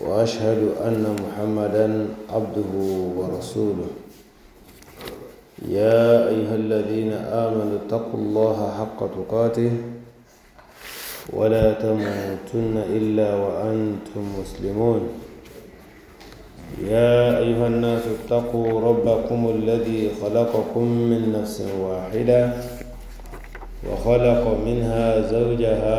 واشهد ان محمدا عبده ورسوله يا ايها الذين امنوا اتقوا الله حق تقاته ولا تموتن الا وانتم مسلمون يا ايها الناس اتقوا ربكم الذي خلقكم من نفس واحده وخلق منها زوجها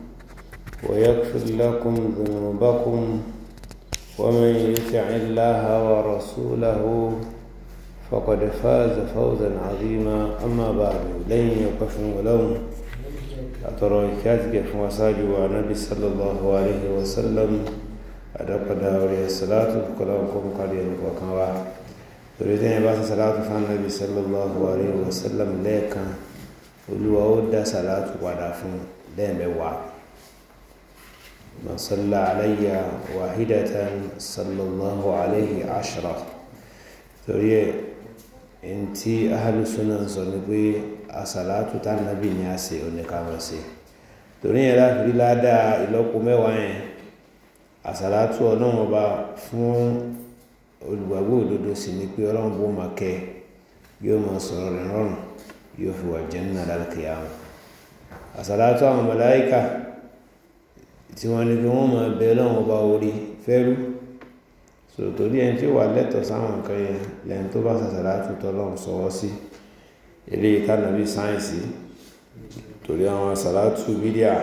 ويغفر لكم ذنوبكم ومن يطع الله ورسوله فقد فاز فوزا عظيما أما بعد لن يقف ولوم أترى كاتك فمساج النبي صلى الله عليه وسلم أدقد أولي الصلاة كلامكم قليل وكما torí ẹni bá ṣe sàlátù fún anabi sallallahu alayhi wa sallam lẹ́ẹ̀kan olúwa ó dá sàlátù padà fún lẹ́ẹ̀mẹ́wàá من صلى علي واحدة صلى الله عليه عشرة تري انتي أهل السنة صنبي الصلاة تنبي ناسي ونكامسي torí yẹn láti rí ládàá ìlọ́po mẹ́wàá yẹn àsàlátù ọlọ́run ọba fún olùgbàgbọ́ òdodo sì ni pé ọlọ́run bó máa kẹ́ yóò máa sọ̀rọ̀ rẹ̀ rọrùn yóò fi wà jẹ́ nínú àdàlùkìyà wọn àsàlátù àwọn màláíkà tí wọ́n ní pé wọ́n máa bẹ Ọlọ́run ọba orí fẹ́rú so torí ẹni tí ó wà lẹ́tọ̀ọ́ sáwọn nǹkan yẹn lẹ́yìn tó bá ṣàṣàrà tuntun Ọlọ́run sọwọ́ sí eléyìí tánàbí sáyẹ̀nsì torí àwọn sàlátù bídíà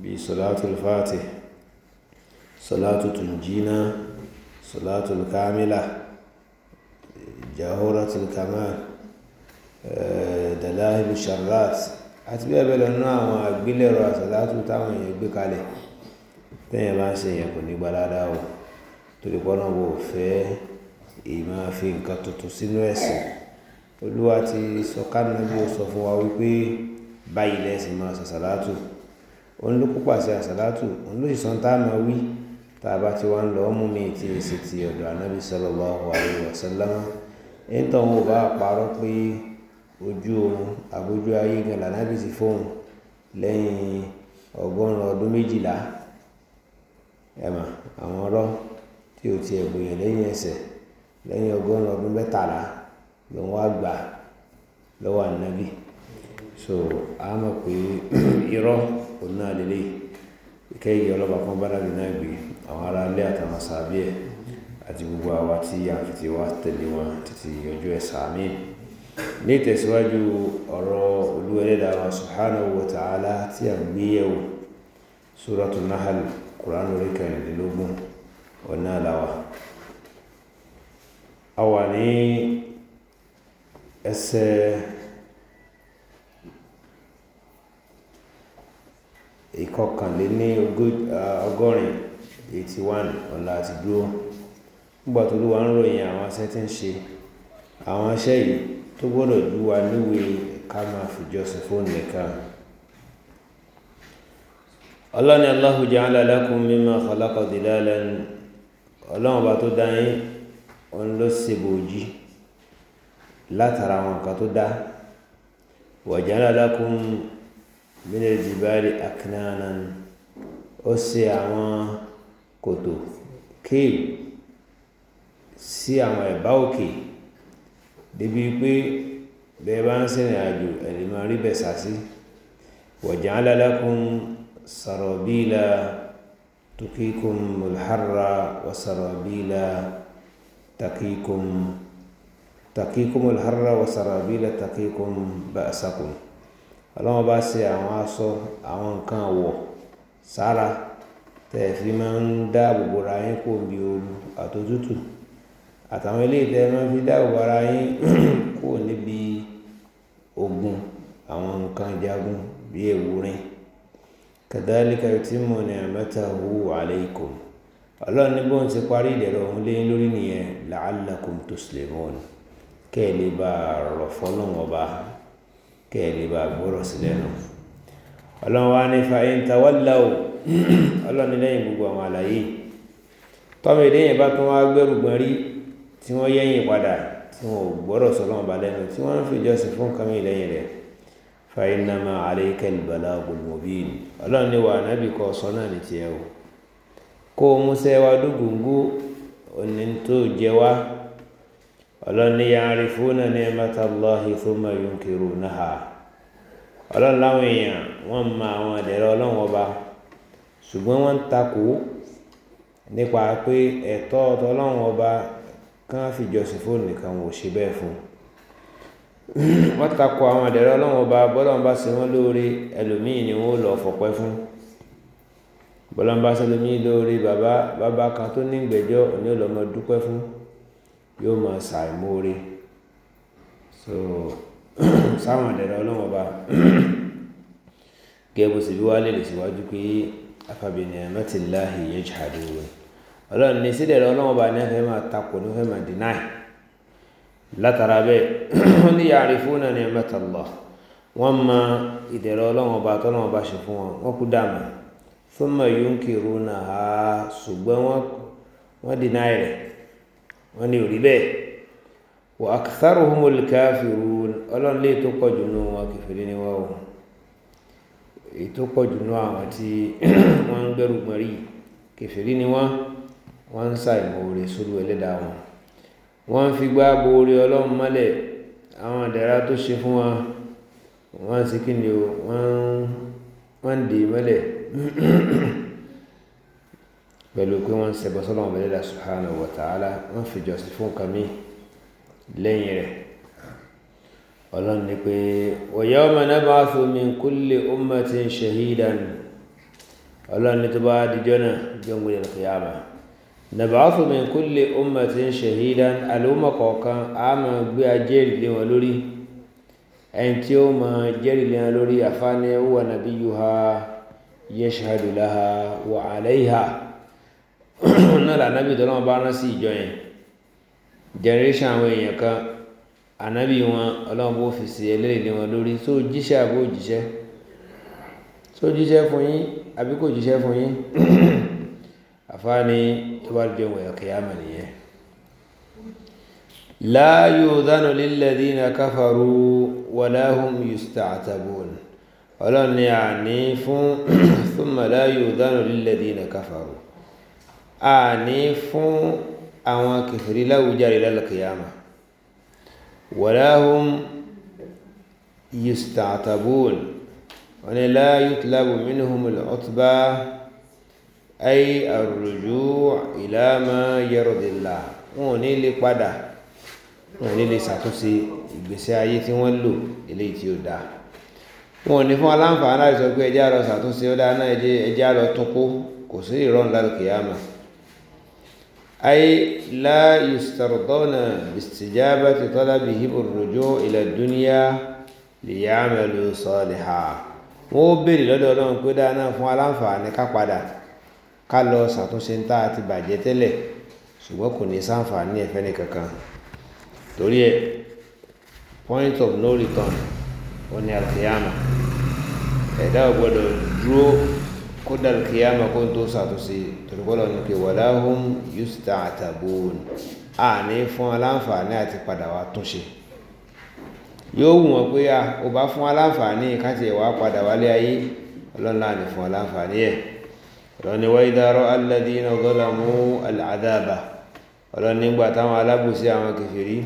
bíi sàlátù fàtì sàlátù tùnjínà sàlátù kámílà jahora tìlkámà eh, dàláhìlú sharrat àti bẹ́ẹ̀ bẹ́ẹ̀ lọ́nà àwọn àgbélẹ̀rọ àsàlátù táwọn èèyàn gbé kalẹ̀ tẹ́yìn bá ń ṣe èèyàn kò ní gba dáadáa o torí pọ́nà wo fẹ́ èyí máa fi nǹkan tuntun sínú ẹ̀sìn olúwa ti sọ kánàbí ó sọ fún wa wípé báyìí lẹ́sìn máa ṣàṣàlátù òun ló kópa sí àṣàlátù òun ló sì sọ tá a máa wí tá a bá ti wá ń lọ ọmú mi ti èsì ti ọ̀dọ̀ anábì sallallahu alaihi wasallam ẹ̀ńtọ́ wọn bá parọ́ pé ojú oorun àbójú ayé gan lànàbì sí fóun lẹ́yìn ọgọ́rùn-ún ọdún méjìlá ẹ̀mà àwọn ọ̀rọ̀ tí ò tiẹ̀ gbòyàn lẹ́yìn ẹsẹ̀ lẹ́yìn ọgọ́rùn-ún ọdún mẹ́tàlá ló wá so a mọ̀ pé irọ́ òun náà lélẹ́yìí àwọn ará ilé àtàwọn àti gbogbo àwa ti wá tẹ̀lé wọn títí ọjọ́ ní ìtẹ̀síwájú ọ̀rọ̀ olúwẹ́lẹ́dà wa subhanahu wa ta'ala tí a gbéyẹ̀wò suratul Nahl kùránù orí kẹrìndínlógún ọ̀nà àláwà a wà ní ẹsẹ̀ ìkọkànlé ní ọgọ́rin 81 ọ̀la àti dúró nígbà tó ń ròyìn àwọn aṣẹ́ tí ń ṣe àwọn aṣẹ́ yìí tó gbọ́dọ̀ ju wa níwe ká máa fìjọsìn fún nìkan ọlọ́ni Allahu ja'ala lakum mimma khalaqa dhilalan ọlọ́run bá tó dá yín òun ló ṣe bòójì látara àwọn nǹkan tó dá wa ja'ala lakum min al ó ṣe àwọn kòtò kéèwù sí àwọn ẹ̀bá òkè. Okay débi pé bẹ́ẹ̀ bá ń sìnrìn àjò ẹ̀lì máa rí bẹ̀ sásí wọ̀já alálákún sàrọ̀bílà tukíkùn mulharra wa sàrọ̀bílà takíkùn takíkùn mulharra wa sàrọ̀bílà takíkùn ba'sakum ọlọ́wọ́n bá ṣe àwọn aṣọ àwọn nǹkan wọ̀ sára tẹ̀ẹ̀fí máa ń dáàbò bora yín kò bí ooru àtòtútù àtàwọn ilé ìtẹ́ máa fi dáàbò ara yín kúrò níbi ogun àwọn nǹkan jagun bíi ewúrin kàdálíkà tí mo ní àmẹ́ta owó alaykum ọlọ́run ní bóun ti parí ìdẹ̀rọ òun lé lórí nìyẹn la'allakum tuslimun kẹ́ ẹ̀ lè bá rọ̀ fọ́lọ́wọ́n ọba kẹ́ ẹ̀ lè bá gbọ́rọ̀ sí lẹ́nu ọlọ́run wa ní fa in tawallaw ọlọ́run lẹ́yìn gbogbo àwọn àlàyé tọ́mọ ìdẹ́yìn bá tún wá gbẹ́rùgbọ́n rí tí wọ́n yẹ́yìn padà tí wọ́n ò gbọ́rọ̀ sọ́lọ́wọ́n bá lẹ́nu tí wọ́n ń fi jọ́sìn fún kàmí lẹ́yìn rẹ̀ fàyínàmà àríkẹ́ ìbàlá gbòmòbíìn ọlọ́run ní wà nábì kọ sọ́nà ní tiẹ̀ o kó o múṣẹ́ wa dúgbùngú òní tó jẹ wá ọlọ́run ní yàrá fún náà ní ẹ̀mẹ́ta lọ́hìn tó máa yún kiri náà ọlọ́run láwọn èèyàn kán fi jọsìn fóònù nìkan wọn ò ṣe bẹ́ẹ̀ fún wọ́n takò àwọn àdẹ̀rẹ́ ọlọ́run ọba bọ́lọ́run bá ṣe wọ́n lóore ẹlòmíì ni wọ́n lọ fọpẹ́ fún bọ́lọ́run bá ṣe lómi lóore bàbá bàbá kan tó ní ìgbẹ́jọ́ òní ọlọ́mọ dúpẹ́ fún yóò máa ṣàìmóore so sáwọn àdẹ̀rẹ́ ọlọ́run ọba gẹ́gẹ́ bó ṣe bí wálé lè síwájú pé afabi ni'matillahi yajhadun ọlọ́run ní sídẹ̀ ọlọ́run ọba ní ẹ̀fẹ́ máa takò ní ẹ̀fẹ́ máa deny látara bẹ́ẹ̀ wọ́n ní ya'rifuna ni'matallah wọ́n ma ìdẹ̀rẹ̀ ọlọ́run ọba tọ́lọ́run ọba ṣe fún wọn wọ́n kú dàmà thumma yunkirunaha ṣùgbọ́n wọ́n wọ́n deny rẹ̀ wọ́n ní òrí bẹ́ẹ̀ wa aktharuhumul kafirun ọlọ́run lè tó pọ̀ nù wọn kẹfìrí ni wọ́n wọ̀ èyí tó nù àwọn tí wọ́n ń gbẹ́rù gbọ́n rí kẹfìrí wọ́n wọ́n ń ṣàìmoore sórí ẹlẹ́dàá wọn wọ́n ń fi gbá boore ọlọ́run mọ́lẹ̀ àwọn àdàrà tó ṣe fún wọn wọ́n ń ṣe kí ni o wọ́n ń dè mọ́lẹ̀ pẹ̀lú pé wọ́n ń ṣẹbọ sọ́lọ́run ẹlẹ́dàá subhanahu wa wọ́n fi jọ́sìn fún kàmí lẹ́yìn rẹ̀ ọlọ́run ni pé wa yawma nab'athu min kulli ummatin shahidan ọlọ́run ni tó bá dijọ́ náà jọ́ ń gbé lẹ́nu kìyàmá nàbàáfù min kulli ummatin shahidan àlùmọ̀ kọ̀ọ̀kan a máa gbé ajẹ́rìí lé wọn lórí ẹni tí ó máa jẹ́rìí lé wọn lórí àfáàní wà nabiyuha yashhadu laha wa alayha náà lànàbì tó lọ́wọ́ bá rán sí ìjọ yẹn generation àwọn èèyàn kan ànábì wọn ọlọ́run bó fi sí wọn lórí tó jíṣẹ́ àbó jíṣẹ́ tó jíṣẹ́ fún yín àbí kò jíṣẹ́ fún yín. أفاني تبارك جوا يا قيامة لا يؤذن للذين كفروا ولا هم يستعتبون ولن يعني ثم لا يؤذن للذين كفروا عنيف أو كفر لا وجار إلى القيامة ولا هم يستعتبون ولا يطلب منهم العتبة ay arruju ila ma yardillah wọn ò ní lè padà wọn ò ní lè ṣàtúnṣe ìgbésí ayé tí wọ́n lò eléyìí tí ó dáa wọn ò ní fún aláǹfààní láti sọ pé ẹjẹ́ àlọ́ ṣàtúnṣe ó dáa náà ẹjẹ́ àlọ́ tún kó kò sí ìrọ̀rùn lálẹ́ kìyàmà ay la yustardona bistijabati talabihim arruju ila dunya liya'malu saliha wọn ó béèrè lọ́dọ̀ pé dáa náà fún aláǹfààní ká padà ká lọ ṣàtúnṣe ń tá a ti bàjẹ́ tẹ́lẹ̀ ṣùgbọ́n kò ní sáǹfààní ẹ̀fẹ́ ní torí ẹ point of no return ó ní alkiyama ẹ̀dá ò gbọ́dọ̀ dúró kó dá alkiyama kó tó ṣàtúnṣe torí kọ́ lọ́nà pé wàlá hum yusta àtàbùn àní fún aláǹfààní àti padà wá túnṣe yóò wù wọn pé a ò bá fún aláǹfààní káti ẹ̀ wá padà wálé ayé ọlọ́run láàánú fún aláǹfààní ẹ̀ ọlọ́ni wọ́n ìdárọ̀ alẹ́dínà gọ́làmú àdáàbà ọlọ́ni nígbà táwọn alábùsí àwọn kẹfìrí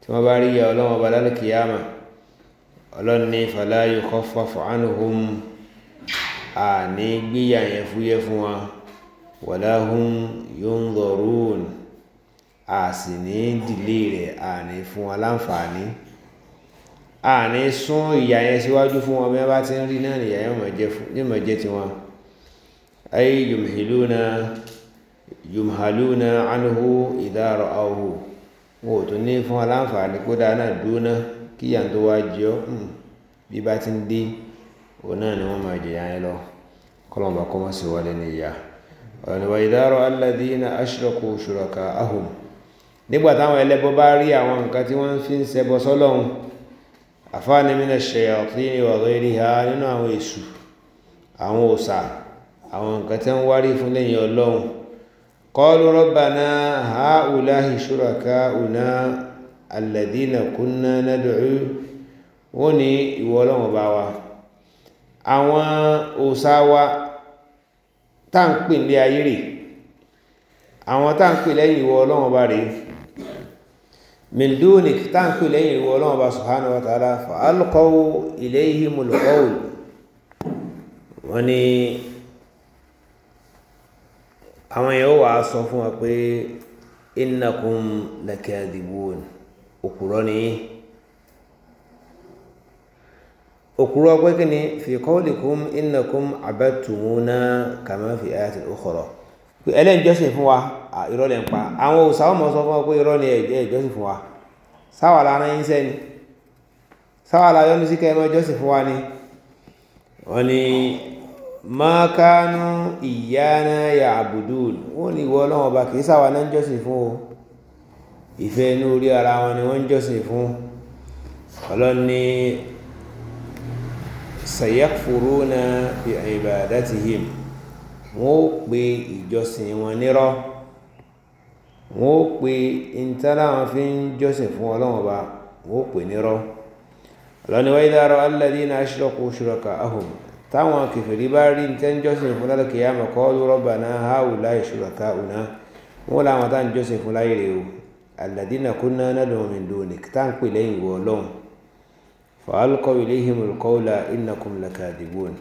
tí wọ́n bá rí ya ọlọ́wọ́n bá lálẹ́ kìyàmà ọlọ́ni fàlàyé kọfà fọ́ánùhùn àní gbíyà yẹn fúyẹ́ fún wa wàláhùn yóò ń lọ́rùn a sì ní dìlé rẹ̀ àní fún wa láǹfààní àní sún ìyà yẹn síwájú fún wọn bí wọ́n bá ti ń rí náà ìyà yẹn mọ̀ jẹ́ tiwọn. أي يمهلون يمهلون عنه إذا رأوه وتني فلان فعلي كودا أنا دون كي يندو واجيو بباتن دي ونانا وما جيان له كلهم بقوم سوالين إياه وإذا رأى الذين أشركوا شركاءهم nígbà táwọn ẹlẹ́bọ bá rí àwọn nǹkan tí wọ́n fi ń ṣẹbọ sọ́lọ́hun àfáàní mí ṣẹ̀yà ọ̀tí ní ọ̀rọ̀ ha nínú àwọn èṣù àwọn òòṣà àwọn nǹkan tí wọ́n wárí fún lẹ́yìn ọlọ́run qalu rabbana haulahi shurakauna alladhina kunna nad'u wọ́n ní ìwọ ọlọ́run bá wa àwọn òòṣà wa tá à ń pè ní ayé rè àwọn tá lẹ́yìn ìwọ ọlọ́run bá rèé min dunik lẹ́yìn ìwọ Ọlọ́run Ọba subhanahu wa ta'ala fa alqaw ilayhim alqawl wani àwọn yẹn ó wàá sọ fún wa pé innakum lakadibun òkúrọ́ ni òkúrọ́ pé kí ni fi qawlikum innakum abadtumuna kama fi ayatin ukhra pé ẹlẹ́yìn jọ́sìn fún wa irọ́ lẹ́ ń pa àwọn òsàwọ̀ mọ̀ sọ fún wa pé irọ́ ni ẹ̀jẹ̀ jọ́sìn fún wa sáwà lára yín sẹ́ni sáwà lára yọ́nu sí kẹ́ jọ́sìn fún wa ni wọ́n ní mákánú ìyáná ya àbùdùn wọ́n ní ìwọ ọlọ́wọ́n ọba kìí sáwà náà ń jọ́sìn fún o ìfẹ́ inú orí ara wọn ni wọ́n ń jọ́sìn fún ọlọ́run ní sayakfuruna bi ibadatihim wọ́n ó pe ìjọsìn wọn nírọ́ wọ́n ó pe ìntánà wọn fi ń jọ́sìn fún ọlọ́wọ́n ọba wọ́n ó pe nírọ́ ọlọ́run ní wáyé dárọ́ alladhina ashraku shuraka ahum táwọn kẹfìrí bá rí ntẹ́njọ́sìn fún lálùkì yá mọ̀kọ́ lọ́rọ̀bà náà háwùlá ìṣúraka òná wọn làwọn tá njọ́sìn fún láyé rèé o àlàdínà kúnná nádùn min dunik tá n pè lẹ́yìn wọ ọlọ́run fàálùkọ́ iléhìm olùkọ́wùlà innakum lakadibun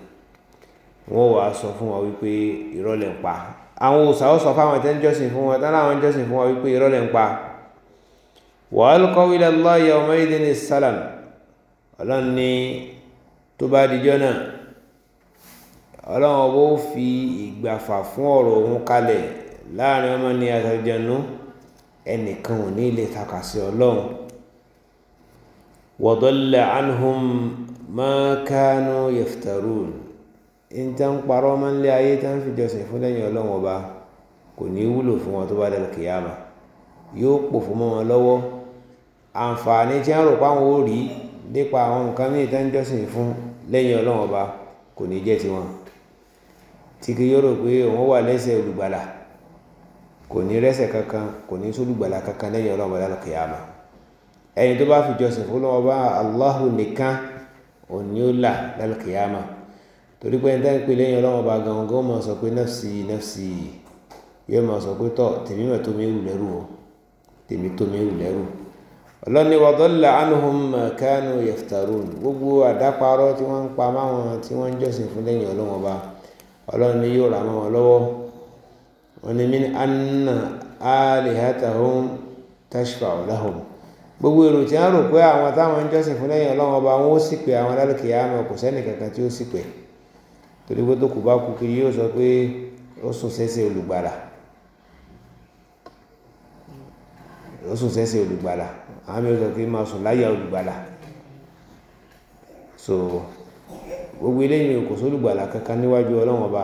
wọn wàá sọ fún wa wípé ìrọ̀lẹ́ ń pa àwọn òsàwọ́ sọ fáwọn tẹ́njọ́sìn fún wa táwọn jọ́sìn fún wa wípé ìrọ̀lẹ́ ń pa wàálùkọ́ ilẹ̀ allah yawma idin salam ọlọ́run ní tó bá dijọ́ náà ọlọ́run ọba ó fi ìgbàfà fún ọ̀rọ̀ òun kalẹ̀ láàrin ọmọ ní àtàjẹnú ẹnìkan ò ní lè takà sí ọlọ́run wọ̀dọ́lẹ̀ anhum mákánú yeftarun ń tán parọ́ máa ń lé ayé tán fi jọsìn fún lẹ́yìn ọlọ́run ọba kò ní wúlò fún wọn tó bá dẹ̀rẹ̀ kìyàmà yóò pò fún wọn lọ́wọ́ àǹfààní tí wọ́n rò páwọn ó rí nípa àwọn nǹkan ní ìtàn fún lẹ́yìn ọlọ́run ọba kò ní jẹ́ tiwọn tí kì yóò rò pé òun wà lẹ́sẹ̀ olùgbàlà kò ní rẹ́sẹ̀ kankan kò ní sólùgbàlà kankan lẹ́yìn ọlọ́run lánàá kìyàmà ẹni tó bá fi jọsìn fún lọ́wọ́ bá Allahu nìkan òun ni ó là lánàá kìyàmà torí pé ẹni tá ń pè lẹ́yìn ọlọ́run bá gan gan máa sọ pé nafsi nafsi yóò máa sọ pé tọ́ tèmi mà tó mi wù lẹ́rù o tèmi tó mi wù lẹ́rù ọlọ́ni wàdọ́là anuhum kánú yaftarun gbogbo àdáparọ́ tí wọ́n ń pa máwọn tí wọ́n ń jọsìn fún lẹ́yìn ọlọ́run bá ọlọ́run ni yóò rà mọ́ wọn lọ́wọ́ wọn ni mí anna gbogbo èrò tí wọn rò pé àwọn táwọn ń jọ́sìn fún lẹ́yìn ọba wọn ó sì pé àwọn lálùkì àmọ́ kò sẹ́nì kankan tí ó sì pé torí pé tó kù bá kú kiri yóò sọ pé ó sùn olùgbàlà ó sùn olùgbàlà àwọn mi so. gbogbo eléyìí kò sólùgbàlà kankan níwájú ọlọ́run ọba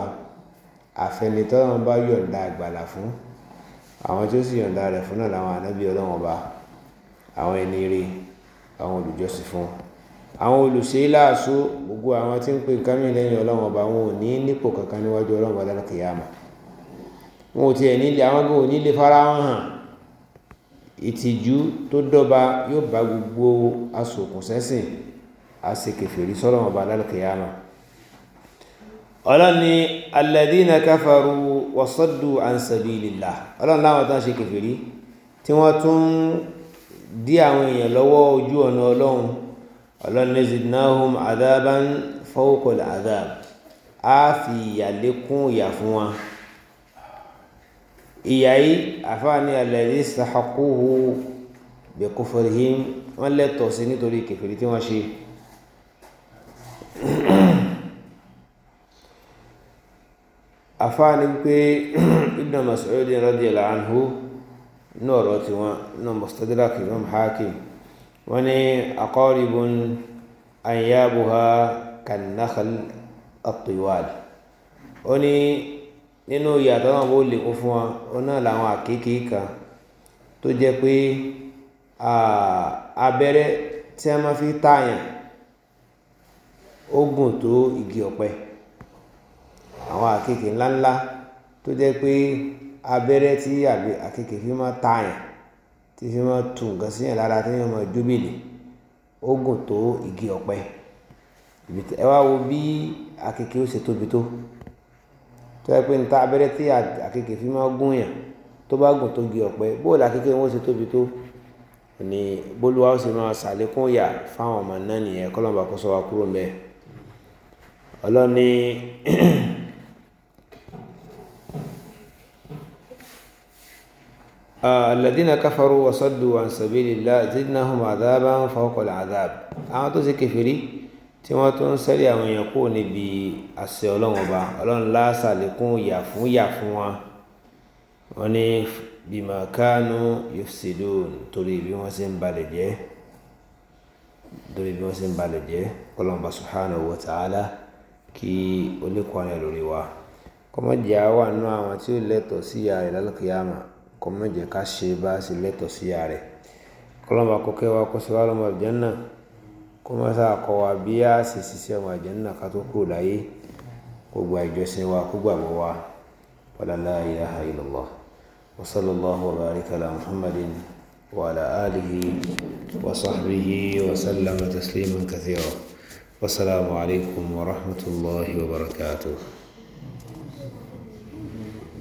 àfẹnitọ́lọ́run bá yọ̀ǹda àgbàlà fún àwọn tí ó sì yọ̀ǹda rẹ̀ fún náà làwọn ànábì ọlọ́run ọba àwọn ẹni rí àwọn olùjọ́sìn fún àwọn olùṣe láàṣọ gbogbo àwọn tí ń pè nǹkan mìíràn lẹ́yìn ọlọ́run ọba wọn ò ní nípò kankan níwájú ọlọ́run ọba lọ́nà kìyàmà wọn ò tiẹ̀ nílé àwọn gbọ́n nílé fara wọn hàn ìtìjú tó dọ́ba yóò bá gbogbo asòkùnsẹ́sìn a ṣe kèfèrí sọ́lọ́mù ọba lálùkìyàmà ọlọ́run ni alladhina kafaru wasaddu an sabilillah ọlọ́run láwọn tán ṣe kèfèrí tí wọ́n tún dí àwọn èèyàn lọ́wọ́ ojú ọ̀nà ọlọ́run ọlọ́run ní zidnahum adhaban fawqal adhab á fi ìyà lékún ìyà fún wa ìyà yìí àfáàní alladhi sahaquhu bi kufrihim wọ́n lẹ́tọ̀ọ́ sí nítorí kèfèrí tí wọ́n ṣe àfáàní pé Ibn Mas'ud radiyallahu anhu ní ọ̀rọ̀ tí wọ́n náà Mustadrak Imam Hakim wọ́n ní aqaribun anyabuha kannakhl at-tiwal ó ní nínú ìyàtọ̀ náà wó lè kó fún wa ó náà làwọn àkékèé kan tó jẹ́ pé abẹ́rẹ́ tí a máa fi tààyàn ó gùn tó igi ọ̀pẹ àwọn àkekè ńláńlá tó jẹ́ pé abẹ́rẹ́ tí àkekè fi máa tààyàn tí fi máa tu nǹkan síyàn lára tí yẹn máa jóbìlì ó gùn tó igi ọ̀pẹ ẹ wá wo bí àkekè ó ṣe tóbi tó tó yẹ pé níta abẹ́rẹ́ tí àkekè fi máa gún yàn tó bá gùn tó igi ọ̀pẹ bóòlù àkekè wọn ó ṣe tóbi tó ni bólúwa ó sì máa ṣàlékún yà fáwọn ọmọ náà nìyẹn kọ́lọ́mù bá kó sọ wa kúrò ń ọlọ́ni. alladhina kafaru wa saddu an sabilillah zidnahum adhaban fawqa al-adhab àwọn tó ṣe kẹfìrí tí wọ́n tó ń sẹ́rí àwọn èèyàn kúrò níbi àṣẹ ọlọ́run ọba ọlọ́run lásàlékún yà fún yà fún wa wọ́n ní bima kanu yufsidun torí bí wọ́n ṣe ń balẹ̀ jẹ́ torí bí wọ́n ṣe ń balẹ̀ jẹ́ ọlọ́run bá subhanahu wa ta'ala kí oníkọ́ rẹ̀ lórí wa kọ́mọ́jà wà nínú àwọn tí ó lẹ́tọ̀ọ́ sí ìyá rẹ̀ lálùkìyàmà kó má jẹ́ ká ṣe bá a ṣe lẹ́tọ̀ọ́ sí ara rẹ̀ kọlọ́mà kó kẹ́ wa kó ṣe wá lọ́mọ àlùjánnà kó má sáà kọ́ wa bí a ṣe ṣiṣẹ́ ọmọ àlùjánnà ká tó kúrò láyé kó gba ìjọsìn wa kó gbà mọ́ wa wàlá la wa sallallahu wa barika muhammadin wa ala alihi wa sahbihi wa sallama taslima kathira wasalaamu alaykum wa rahmatulahi wa barakatuh.